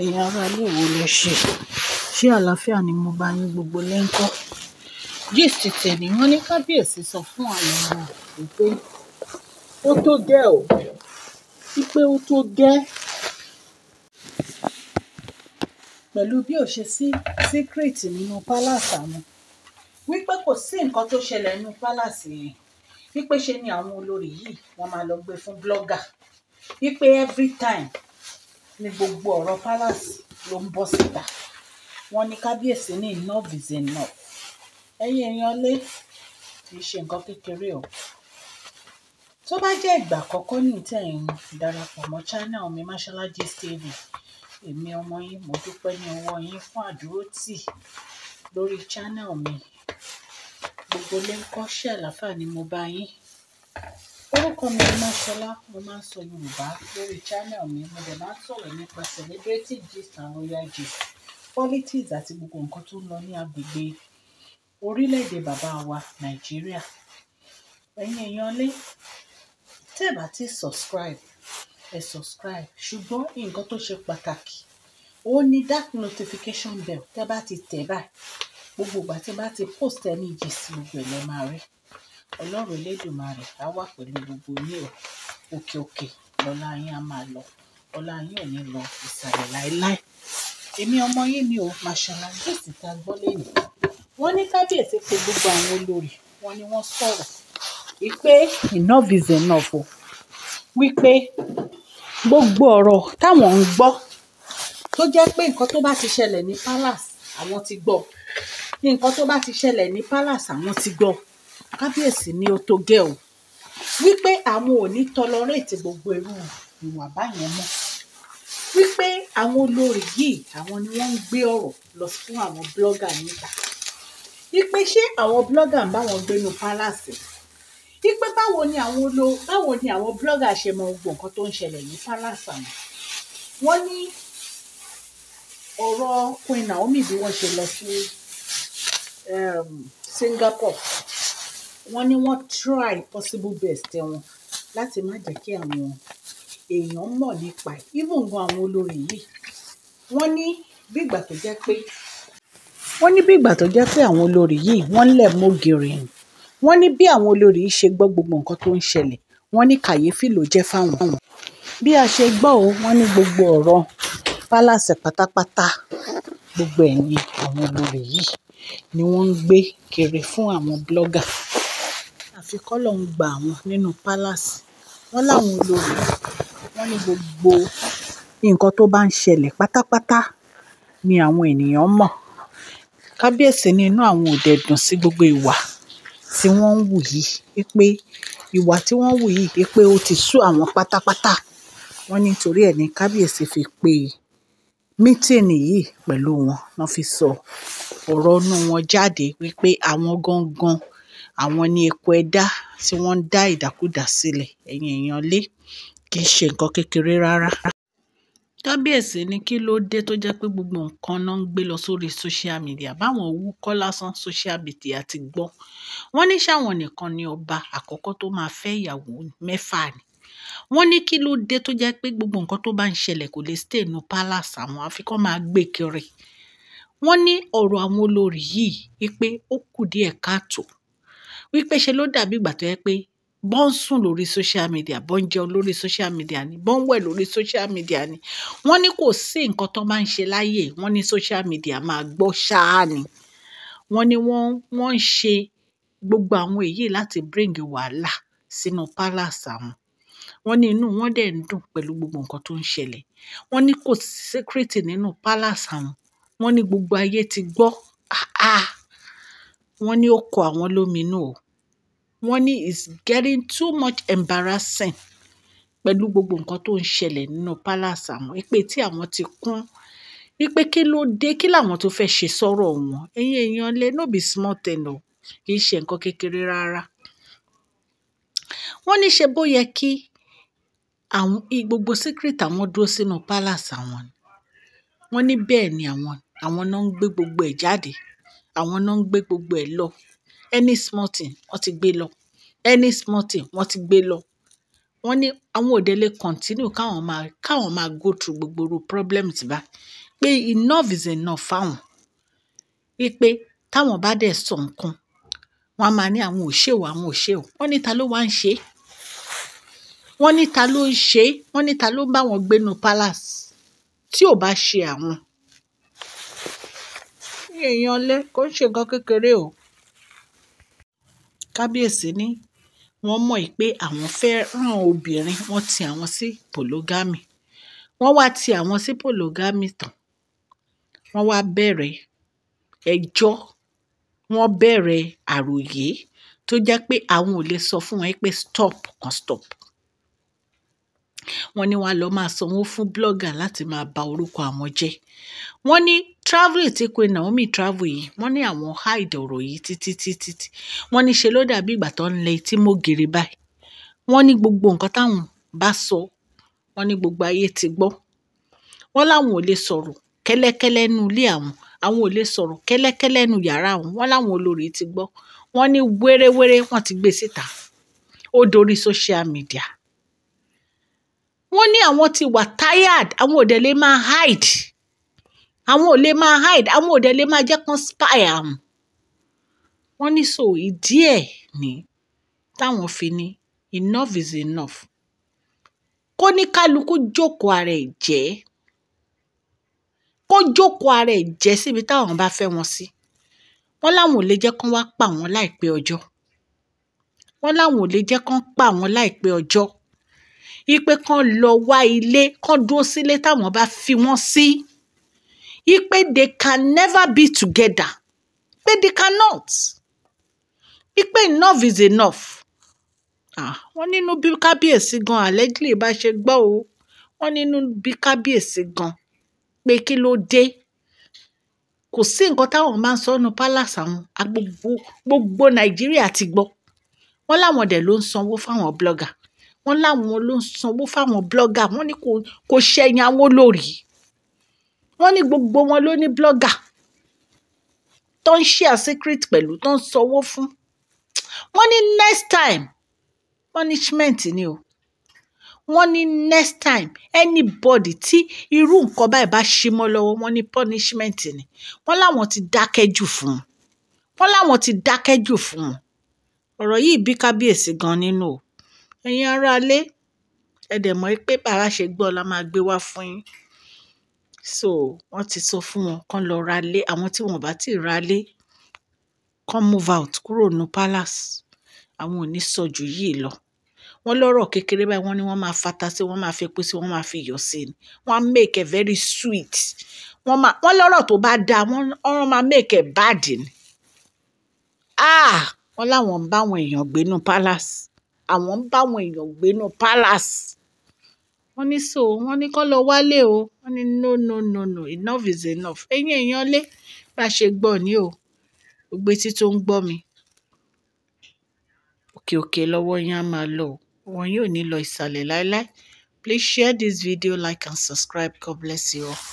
Ẹ̀yin ará ilé èwo lẹ ṣe? Ṣé àlàáfíà ni mo bá yín gbogbo lé ń kọ́? Gist tèní wọ́n ní Kábíyèsí sọ fún àwọn ọmọ wípé ó tó gẹ́ o, wípé ó tó gẹ́. Pẹ̀lú bí ó ṣe sí secret nínú palace àwọn, wípé kò sí nǹkan tó ṣẹlẹ̀ nínú palace yẹn, wípé ṣe ni àwọn olórí yìí wọ́n máa lọ gbé fún blogger, wípé every time ni gbogbo ọ̀rọ̀ palace ló ń bọ́ síta wọ́n ní kábíyèsí ní enough is enough ẹ̀yin èèyàn lé kì í ṣe nǹkan kékeré o tó bá jẹ́ ìgbà àkọ́kọ́ ní ìtẹ̀yìn darapọ̀ mọ́ channel mi Mashola Gist èmi ọmọ yín mo dúpẹ́ ní ọwọ́ yín fún àdúrótì lórí channel mi gbogbo lẹ́ńkọ́ àlàáfà ni mo bá yín orúkọ mi ọmọṣọlá mo máa ń sọ yorùbá lórí channel mi mo dẹ̀ máa ń sọ̀rọ̀ nípa celebrity gist and royal gist politics àti gbogbo nǹkan tó ń lọ ní agbègbè orílẹ̀-èdè bàbá wa nàìjíríà ẹ̀yin èèyàn lé tẹ́ ẹ̀ bá ti subscribe ẹ̀ subscribe ṣùgbọ́n nǹkan tó ṣe pàtàkì ó ní that notification bell tẹ́ bá ti tẹ̀ gbogbo ìgbà tí ti post ẹni gist gbogbo ẹ̀ lẹ́ máa rí ọlọ́run elédùnmarè á wà pẹ̀lú gbogbo yín o òkè òkè lọ́lá yín á máa lọ ọlá yín ò ní lọ ìsàlẹ̀ láéláé èmi ọmọ yín ni o màṣàlá gbèsè tá a gbọ́ lẹ́yìn wọ́n ní kábíyèsí pé gbogbo àwọn olórí wọn ni wọ́n sọ̀rọ̀ wípé enough is enough o wípé gbogbo ọ̀rọ̀ táwọn ń gbọ́ tó jẹ́ pé nǹkan tó bá ti ṣẹlẹ̀ ní palace àwọn ti gbọ́ nǹkan tó bá ti ṣẹlẹ̀ ní palace àwọn ti gbọ́ kábíyèsí ni ó tó gẹ́ o wípé àwọn ò ní tọlọrẹ́ẹ̀tì gbogbo irú ìwọ̀n àbáyẹn mọ́ wípé àwọn olórí yìí àwọn ni wọ́n ń gbé ọ̀rọ̀ lọ fún àwọn blọ́gà níta wípé ṣé àwọn blọ́gà ń báwọn gbénu pálásì wípé báwo ni àwọn olo báwo ni àwọn blọ́gà ṣe mọ gbogbo nǹkan tó ń ṣẹlẹ̀ ní pálásì àwọn wọ́n ní ọ̀rọ̀ Queen Naomi bí wọ́n ṣe lọ sí ehm, Singapore wọ́n ní wọ́n try possible best wọn láti má jẹ́ kí àwọn èèyàn mọ̀ nípa even gan àwọn olórin yìí wọ́n ní bí ìgbà tó jẹ́ pé wọ́n ní bí ìgbà tó jẹ́ pé àwọn olórí yìí wọ́n ń lẹ̀ mọ́gìrì ni wọ́n ní bí àwọn olórí yìí ṣe gbọ́ gbogbo nǹkan tó ń ṣẹlẹ̀ wọ́n ní kàyéfì ló jẹ́ fáwọn. bí a ṣe gbọ́ o wọ́n ní gbogbo ọ̀rọ̀ pálàsì pátápátá gbogbo ẹ̀yìn àwọn olórí yìí ni wọ́n ń gbé kiri fún àwọn blọ́gà àfi kọ́lọ́hún gbà wọ́n nínú pálásì wọ́n láwọn olórí wọn ní gbogbo nǹkan tó bá ń ṣẹlẹ̀ pátápátá ni àwọn ènìyàn mọ̀ kábíyèsí ní inú àwọn ò dẹ̀ dùn sí gbogbo ìwà tí wọ́n ń wù yìí wípé ìwà tí wọ́n wù yìí wípé ó ti sú àwọn pátápátá wọ́n nítorí ẹ̀ ní kábíyèsí fi pe mítìnì yìí pẹ̀lú wọn wọ́n fi sọ ọ̀rọ̀ inú wọn jáde wípé àwọn gangan àwọn ni epo ẹdá tí wọ́n ń dá ìdàkúdà sílẹ̀ ẹ̀yin èèyàn lé kì í ṣe nǹkan kékeré rárá. kábíyèsí ni kí ló dé tó jẹ́ pé gbogbo nǹkan náà ń gbé lọ sórí social media báwọn owó kọ́ lásán social media ti gbọ́ wọ́n ní sáwọn nìkan ni ọba àkọ́kọ́ tó máa fẹ́ ìyàwó mẹ́fà ni wọ́n ní kí ló dé tó jẹ́ pé gbogbo nǹkan tó bá ń ṣẹlẹ̀ kò lè stay nu palace àwọn àfikọ́ máa gbé kiri wọ́n ní ọ̀rọ̀ àwọn olórí yìí pé ó kù díẹ̀ káàtó wípé ṣe ló dàbí ìgbà tó yẹ pé bọ́ ń sùn lórí social media bọ́ ń jẹun lórí social media ni bọ́ ń wẹ̀ lórí social media ni wọ́n ní kò sí nǹkan tó máa ń ṣe láyè wọ́n ní social media máa gbọ́ ṣáá ni wọ́n ní wọ́n wọ́n ń ṣe gbogbo àwọn èyí láti bring wàhálà sínú palace àwọn wọ́n ní inú wọn dẹ̀ ń dùn pẹ̀lú gbogbo nǹkan tó ń ṣẹlẹ̀ wọ́n ní kò sí secret nínú palace àwọn wọ́n ní gbogbo ayé ti gbọ́ ah ah wọ́n ní ó kọ àwọn lóminú o wọ́n ní it's getting too much embarrassing pẹ̀lú gbogbo nǹkan tó ń ṣẹlẹ̀ nínú palace àwọn pé tí àwọn ti kún wípé kí ló dé kí làwọn tó fẹ́ ṣe sọ́rọ̀ wọn ẹ̀yin èèyàn lè no be small ten o kì í ṣe nǹkan kékeré rárá wọ́n ní ṣe bó yẹ kí àwọn gbogbo secret àwọn dúró sínú palace àwọn wọ́n ní bẹ́ẹ̀ ni àwọn àwọn náà ń gbé gbogbo ẹ̀ jáde àwọn náà ń gbé gbogbo ẹ̀ lọ any small thing wọ́n ti gbé lọ any small thing wọ́n ti gbé lọ wọ́n ní àwọn òde lè continue káwọn máa káwọn máa go through gbogbo ru problem bá pé enough is enough fáwọn wípé táwọn bá dẹ̀ sọ nǹkan wọ́n á máa ní àwọn òṣèwò àwọn òṣèwò wọ́n ní ta ló wá ń ṣe é wọ́n ní ta ló ń ṣe é wọ́n ní ta ló ń bá wọn gbénu palace tí ò bá ṣe àwọn èèyàn lé kó ń ṣe nǹkan kékeré o kábíyèsí ni wọ́n mọ̀ pé àwọn fẹ́ràn obìnrin wọ́n ti àwọn sí polygamy wọ́n wá ti àwọn sí polygamy tán wọ́n wá bẹ̀rẹ̀ ẹjọ́ wọ́n bẹ̀rẹ̀ àròyé tó jẹ́ pé àwọn ò lè sọ fún wọn pé stop kan stop wọ́n ní wàá lọ máa sanwó fún blogger láti máa ba orúkọ àwọn jẹ́ wọ́n ní Travel tí Queen Naomi travel yìí wọ́n ní àwọn hide ọ̀rọ̀ yìí títí títí tí wọ́n ní ṣe ló dàbí ìgbà tó ń lẹ etí mọ́gèrè báyìí wọ́n ní gbogbo nǹkan táwọn bá sọ wọ́n ní gbogbo ayé ti gbọ́ wọ́n láwọn ò lè sọ̀rọ̀ kẹ́lẹ́kẹ́lẹ́ nu ilé àwọn àwọn ò lè sọ̀rọ̀ kẹ́lẹ́kẹ́lẹ́ nu yàrá àwọn wọ́n láwọn olórí ti gbọ́ wọ́n ní wéréwéré wọ́n ti gbé síta ó dorí social media wọ́n ní àwọn ti wà tired àwọn ò dẹ̀ lè máa hide àwọn ò lè máa hide àwọn ò dẹ̀ lè máa jẹ́ kán spy am wọ́n ní so ìdí ẹ̀ ní táwọn fi ní enough is enough kó ní kálukú jókòó ara ẹ̀ jẹ́ kó jókòó ara ẹ̀ jẹ́ síbi táwọn bá fẹ́ wọn sí wọ́n láwọn ò lè jẹ́ kán wá pa wọ́n láìpẹ́ ọjọ́ wọ́n láwọn ò lè jẹ́ kán pa wọ́n láìpẹ́ ọjọ́ ipe kan lọ wá ilé kan dúró sílé táwọn bá fi wọ́n sí. Si ipe they can never be together pé they cannot ipe enough is enough ah wọ́n nínú bí kábíyèsí gan allegedly bá ṣe gbọ́ o wọ́n nínú bí kábíyèsí gan pé kí ló dé kò sí nǹkan táwọn máa ń sọ nu palace àwọn agbogbo gbogbo nàìjíríà ti gbọ́ wọ́n láwọn dẹ̀ ló ń sanwó fáwọn blogger wọ́n láwọn ló ń sanwó fáwọn blogger wọ́n ni kò ṣẹ̀yìn àwọn olórí wọ́n ní gbogbo wọn ló ní blọ́gà tó ń share secret pẹ̀lú tó ń sanwó fún wọ́n ní next time punishment ni o wọ́n ní next time anybody tí irú nǹkan báyìí bá ṣe mọ́ lọ́wọ́ wọ́n ní punishment ni wọ́n láwọn ti dákẹ́ jù fún un wọ́n láwọn ti dákẹ́ jù fún un ọ̀rọ̀ yìí bí kábíyèsí gan nínú o ẹ̀yin aráalé ẹ̀ dẹ̀ mọ̀ pé bàbá ṣe gbọ́ la máa gbé wá fún yín so wọ́n ti sọ fún wọn kán lọ ra lé àwọn tí wọ́n bá ti ra kán move out kúrò ní palace àwọn ò ní sọ jù yìí lọ wọ́n lọ́rọ̀ kékeré báyìí wọ́n ní wọ́n máa fata sí wọ́n máa fi epo sí wọ́n máa fi iyọ̀ sí ni wọ́n á make a very sweet wọ́n máa wọ́n lọ́rọ̀ tó bá dáa wọ́n wọ́n máa make a bad ni ah wọ́n láwọn ń bá àwọn èèyàn gbénú palace àwọn ń bá àwọn èèyàn gbénú palace wọ́n ní so wọ́n ní kó lọ wálé o wọ́n ní no no no no enough is enough ẹ̀yin èèyàn lé bá a ṣe gbọ́ ní o ògbé tí tó ń gbọ́ mi òkè òkè lọ́wọ́ yẹn á máa lọ wọn yóò ní lọ ìsàlẹ̀ láéláé please share this video like and subscribe god bless you all.